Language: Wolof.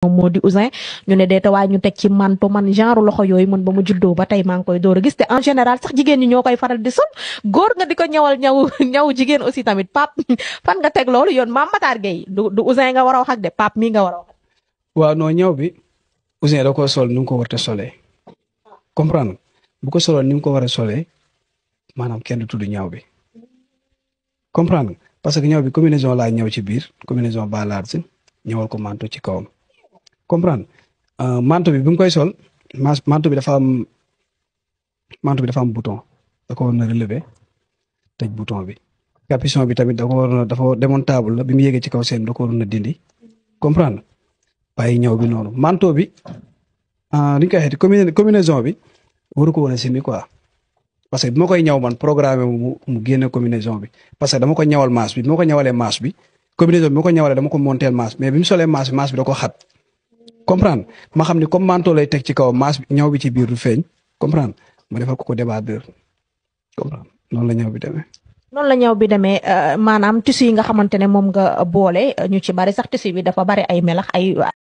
moom moo di Ouzin ñu ne deeta waaye ñu teg ci manto man genre loxo yooyu man ba mu juddoo ba tey maa ngi koy do a gis te en général sax jigéen ni ñoo koy faral di sol góor nga di ko ñawal ñaw ñaw jigéen aussi tamit pap fan nga teg loolu yoon maam Matar Gueye du du Ouzin nga war a wax ak de pap mii nga war a wax. waaw non ñaw bi Ouzin da sol ni mu ko war a solee comprendre bu ko soloon ni mu ko war a solee maanaam kenn du tudd ñaw bi comprendre parce que ñaw bi combinaison laa ñëw ci biir combinaison bas large ñëwal ko manto ci kawam. comprendre euh, manteau bi bi mu koy sol manteau bi dafa am manteau bi dafa am bouton da ko waroon a relever tëj bouton bi capuchon bi tamit da ko waroon bi mu yegee ci kaw seen da ko na a dindi comprendre bàyyi ñëw bi noonu manteau bi ah, a simi quoi parce que bi ma koy ñaw man programme mu mu génne bi parce que dama ko ñawal maas bi bi ma ko ñawalee maas bi combinaison bi ma ko ñawalee dama ko monteel maas mais bi mu solee maas bi maas bi xat comprendre ma xam ni comme manteau lay teg ci kaw maas ñaw bi ci biir du feeñ comprendre ma defal ko ko débardeur comprendre noonu la ñaw bi demee. noonu la ñaw bi demee euh, maanaam tissu yi nga xamante ne moom nga boole ñu ci bari sax tissu bi dafa bari ay melax ay